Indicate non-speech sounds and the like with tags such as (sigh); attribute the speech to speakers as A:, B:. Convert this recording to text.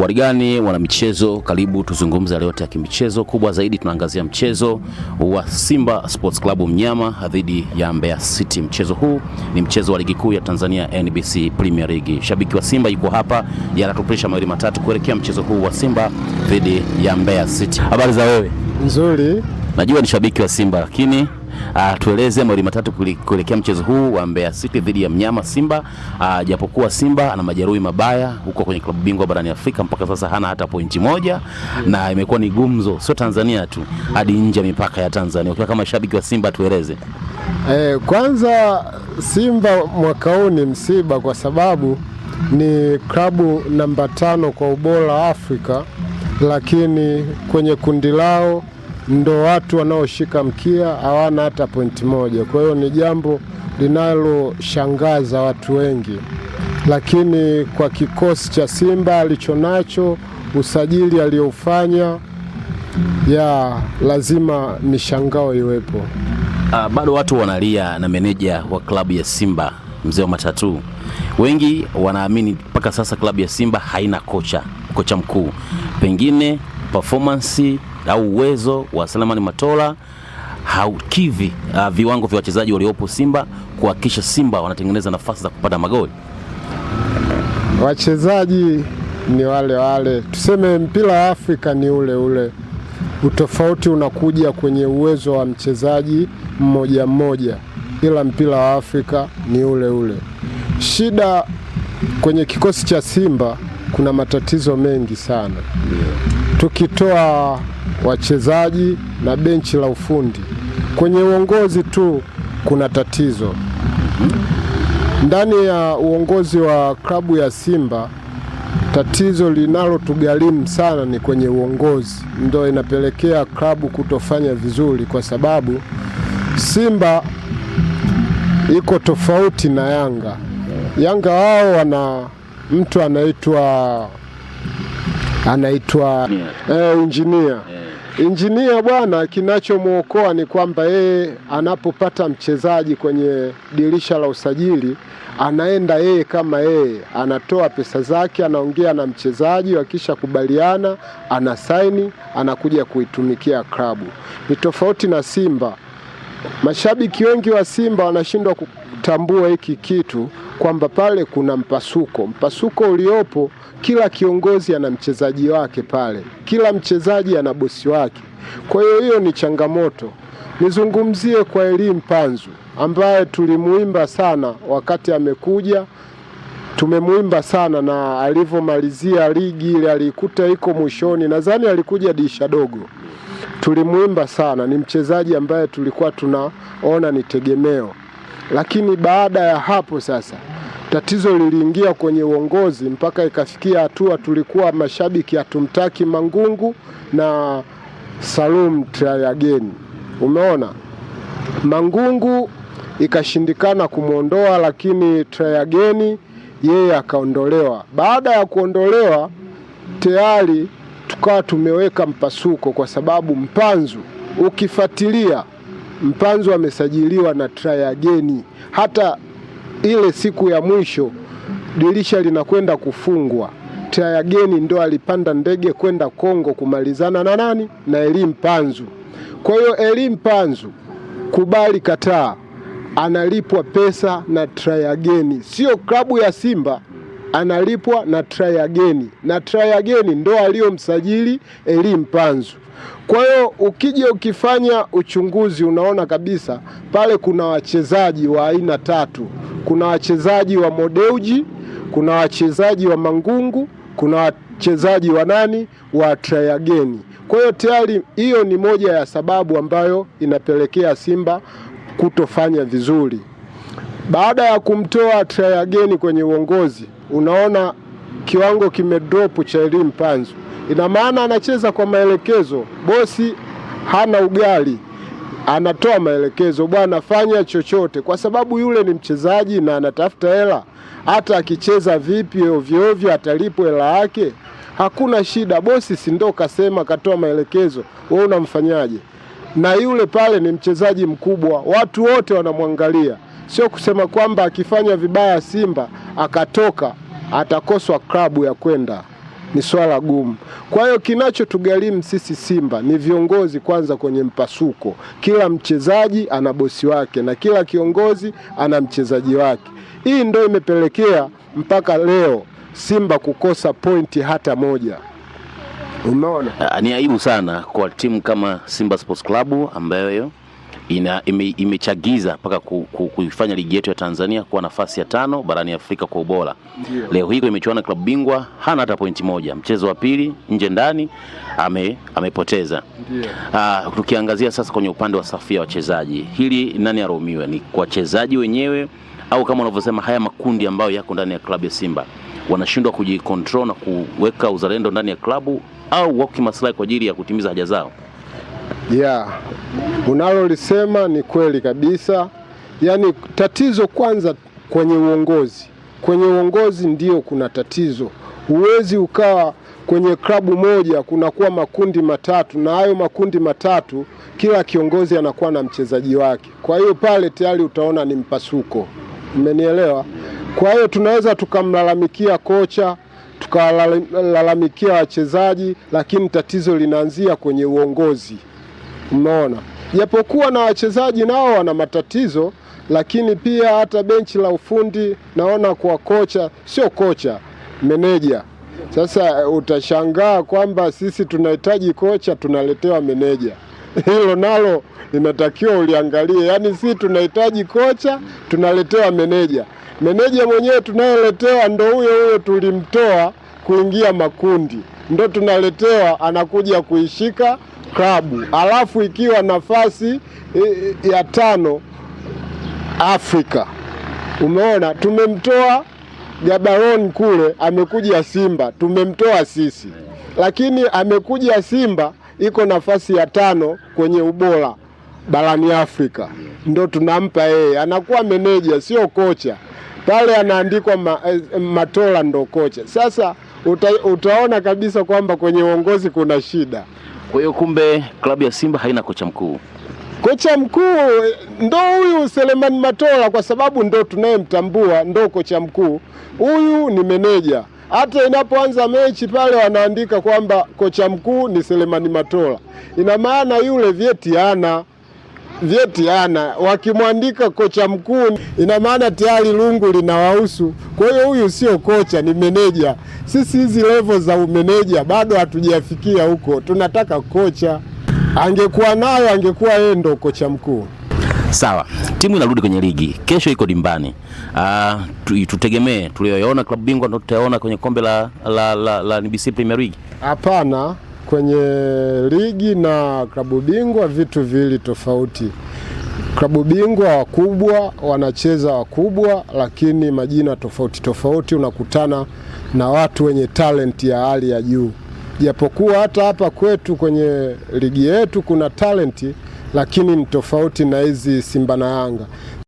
A: Warigani wana michezo, karibu tuzungumze leo ya kimichezo. Kubwa zaidi tunaangazia mchezo wa Simba Sports Club mnyama dhidi ya Mbeya City. Mchezo huu ni mchezo wa ligi kuu ya Tanzania NBC Premier League. Shabiki wa Simba yuko hapa, yanatupilisha mawili matatu kuelekea mchezo huu wa Simba dhidi ya Mbeya City. Habari za wewe? Nzuri. Najua ni shabiki wa Simba lakini Uh, tueleze mawili matatu kuelekea mchezo huu wa Mbeya City dhidi ya mnyama Simba. Uh, japokuwa Simba ana majeruhi mabaya huko kwenye klabu bingwa barani Afrika mpaka sasa hana hata pointi moja yeah. Na imekuwa ni gumzo sio Tanzania tu hadi nje ya mipaka ya Tanzania. Ukiwa kama shabiki wa Simba tueleze.
B: Eh, kwanza Simba mwaka huu ni msiba kwa sababu ni klabu namba tano kwa ubora Afrika, lakini kwenye kundi lao ndo watu wanaoshika mkia hawana hata pointi moja. Kwa hiyo ni jambo linaloshangaza watu wengi, lakini kwa kikosi cha Simba alichonacho, usajili aliyoufanya, ya lazima mishangao iwepo.
A: Uh, bado watu wanalia na meneja wa klabu ya Simba mzee wa matatu. Wengi wanaamini mpaka sasa klabu ya Simba haina kocha kocha mkuu, pengine performance au uwezo wa Selemani Matola haukivi uh, viwango vya wachezaji waliopo Simba kuhakikisha Simba wanatengeneza nafasi za kupata magoli.
B: Wachezaji ni wale wale, tuseme mpira wa Afrika ni ule ule. Utofauti unakuja kwenye uwezo wa mchezaji mmoja mmoja, ila mpira wa Afrika ni ule ule. Shida kwenye kikosi cha Simba kuna matatizo mengi sana, Tukitoa wachezaji na benchi la ufundi. Kwenye uongozi tu kuna tatizo. Ndani ya uongozi wa klabu ya Simba, tatizo linalotugharimu sana ni kwenye uongozi, ndio inapelekea klabu kutofanya vizuri, kwa sababu Simba iko tofauti na Yanga. Yanga wao wana mtu anaitwa anaitwa yeah. Eh, injinia yeah. Injinia bwana, kinachomwokoa ni kwamba yeye anapopata mchezaji kwenye dirisha la usajili, anaenda yeye kama yeye, anatoa pesa zake, anaongea na mchezaji, wakishakubaliana saini anakuja kuitumikia klabu. Ni tofauti na Simba. Mashabiki wengi wa Simba wanashindwa kutambua hiki kitu kwamba pale kuna mpasuko. Mpasuko uliopo, kila kiongozi ana mchezaji wake pale, kila mchezaji ana bosi wake. Kwa hiyo hiyo ni changamoto. Nizungumzie kwa elimu Panzu ambaye tulimuimba sana wakati amekuja tumemuimba sana na alivyomalizia ligi ile alikuta iko mwishoni, nadhani alikuja dirisha dogo, tulimuimba sana. Ni mchezaji ambaye tulikuwa tunaona ni tegemeo, lakini baada ya hapo sasa tatizo liliingia kwenye uongozi mpaka ikafikia hatua tulikuwa mashabiki hatumtaki Mangungu na Salum Trayageni. Umeona, Mangungu ikashindikana kumwondoa, lakini Trayageni yeye akaondolewa. Baada ya kuondolewa tayari tukawa tumeweka mpasuko, kwa sababu Mpanzu ukifuatilia Mpanzu amesajiliwa na Trayageni. Hata ile siku ya mwisho dirisha linakwenda kufungwa, Trayageni ndo alipanda ndege kwenda Kongo kumalizana na nani? Na Eli Mpanzu. Kwa hiyo Eli Mpanzu, kubali kataa, analipwa pesa na Trayageni, sio klabu ya Simba analipwa na Trayageni na Trayageni ndo aliyomsajili Eli Mpanzu. Kwa hiyo ukija ukifanya uchunguzi, unaona kabisa pale kuna wachezaji wa aina tatu. Kuna wachezaji wa Modeuji, kuna wachezaji wa Mangungu, kuna wachezaji wa nani wa Trayageni. Kwa hiyo tayari hiyo ni moja ya sababu ambayo inapelekea Simba kutofanya vizuri. Baada ya kumtoa Trayageni kwenye uongozi, unaona kiwango kimedropu cha elimu Panzu. Ina maana anacheza kwa maelekezo, bosi hana ugali, anatoa maelekezo, bwana fanya chochote, kwa sababu yule ni mchezaji na anatafuta hela. Hata akicheza vipi ovyo ovyo, atalipwa hela yake, hakuna shida. Bosi si ndo kasema, katoa maelekezo, wewe unamfanyaje? Na yule pale ni mchezaji mkubwa, watu wote wanamwangalia, sio kusema kwamba akifanya vibaya Simba akatoka atakoswa klabu ya kwenda ni swala gumu. Kwa hiyo kinachotugharimu sisi Simba ni viongozi kwanza kwenye mpasuko. Kila mchezaji ana bosi wake na kila kiongozi ana mchezaji wake. Hii ndio imepelekea mpaka leo Simba kukosa pointi hata moja. Umeona?
A: Ah, ni aibu sana kwa timu kama Simba Sports Club ambayo ina, ime, imechagiza mpaka ku, ku, kuifanya ligi yetu ya Tanzania kuwa nafasi ya tano barani Afrika kwa ubora Leo hii kwenye michuano ya klabu bingwa hana hata pointi moja, mchezo wa pili nje ndani ame, amepoteza yeah. tukiangazia sasa kwenye upande wa safu ya wachezaji, hili nani araumiwe, ni kwa wachezaji wenyewe au kama unavyosema haya makundi ambayo yako ndani ya klabu ya Simba wanashindwa kujikontrol na kuweka uzalendo ndani ya klabu au wako kimaslahi kwa ajili ya kutimiza haja zao?
B: Yeah, unalolisema ni kweli kabisa. Yaani tatizo kwanza kwenye uongozi, kwenye uongozi ndio kuna tatizo. Huwezi ukawa kwenye klabu moja kunakuwa makundi matatu, na hayo makundi matatu kila kiongozi anakuwa na mchezaji wake. Kwa hiyo pale tayari utaona ni mpasuko, umenielewa? Kwa hiyo tunaweza tukamlalamikia kocha tukawalalamikia wachezaji, lakini tatizo linaanzia kwenye uongozi mnaona japokuwa na wachezaji nao wana matatizo, lakini pia hata benchi la ufundi naona kwa kocha, sio kocha, meneja. Sasa eh, utashangaa kwamba sisi tunahitaji kocha tunaletewa meneja. (laughs) Hilo nalo linatakiwa uliangalie, yaani sisi tunahitaji kocha tunaletewa meneja. Meneja mwenyewe tunayeletewa ndo huyo huyo tulimtoa kuingia makundi, ndo tunaletewa anakuja kuishika klabu, alafu ikiwa nafasi ya tano Afrika. Umeona, tumemtoa Gabaron kule, amekuja Simba, tumemtoa sisi, lakini amekuja Simba iko nafasi ya tano kwenye ubora barani Afrika, ndo tunampa yeye. Anakuwa meneja, sio kocha pale, anaandikwa ma, eh, Matola ndo kocha. Sasa uta, utaona kabisa kwamba kwenye uongozi kuna shida.
A: Kwa hiyo kumbe klabu ya Simba haina kocha mkuu.
B: Kocha mkuu ndo huyu Selemani Matola, kwa sababu ndo tunayemtambua, ndo kocha mkuu. Huyu ni meneja. Hata inapoanza mechi pale wanaandika kwamba kocha mkuu ni Selemani Matola, ina maana yule vyeti hana vyeti hana, wakimwandika kocha mkuu, ina maana tayari lungu linawahusu. Kwa hiyo huyu sio kocha, ni meneja. Sisi hizi levo za umeneja bado hatujafikia huko, tunataka kocha. Angekuwa nayo, angekuwa yeye ndo kocha mkuu.
A: Sawa, timu inarudi kwenye ligi, kesho iko dimbani. Uh, tutegemee tulioyaona klabu bingwa ndo tutaona kwenye kombe la, la, la, la, la NBC Premier League?
B: Hapana kwenye ligi na klabu bingwa vitu viwili tofauti. Klabu bingwa wakubwa wanacheza wakubwa, lakini majina tofauti tofauti, unakutana na watu wenye talenti ya hali ya juu. Japokuwa hata hapa kwetu kwenye ligi yetu kuna talenti, lakini ni tofauti na hizi Simba na Yanga.